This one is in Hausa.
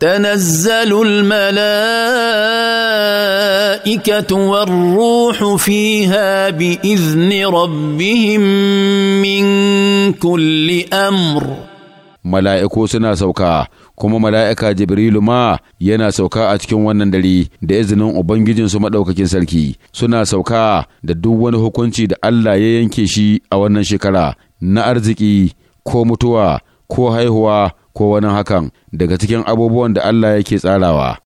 تنزل الملائكه والروح فيها باذن ربهم min kulli امر mala'iku suna sauka kuma mala'ika jibrilu ma yana sauka a cikin wannan dare da izinin ubangijinsu maɗaukakin sarki suna sauka da duk wani hukunci da allah ya yanke shi a wannan shekara na arziki ko mutuwa ko haihuwa ko wani hakan daga cikin abubuwan da Allah yake tsarawa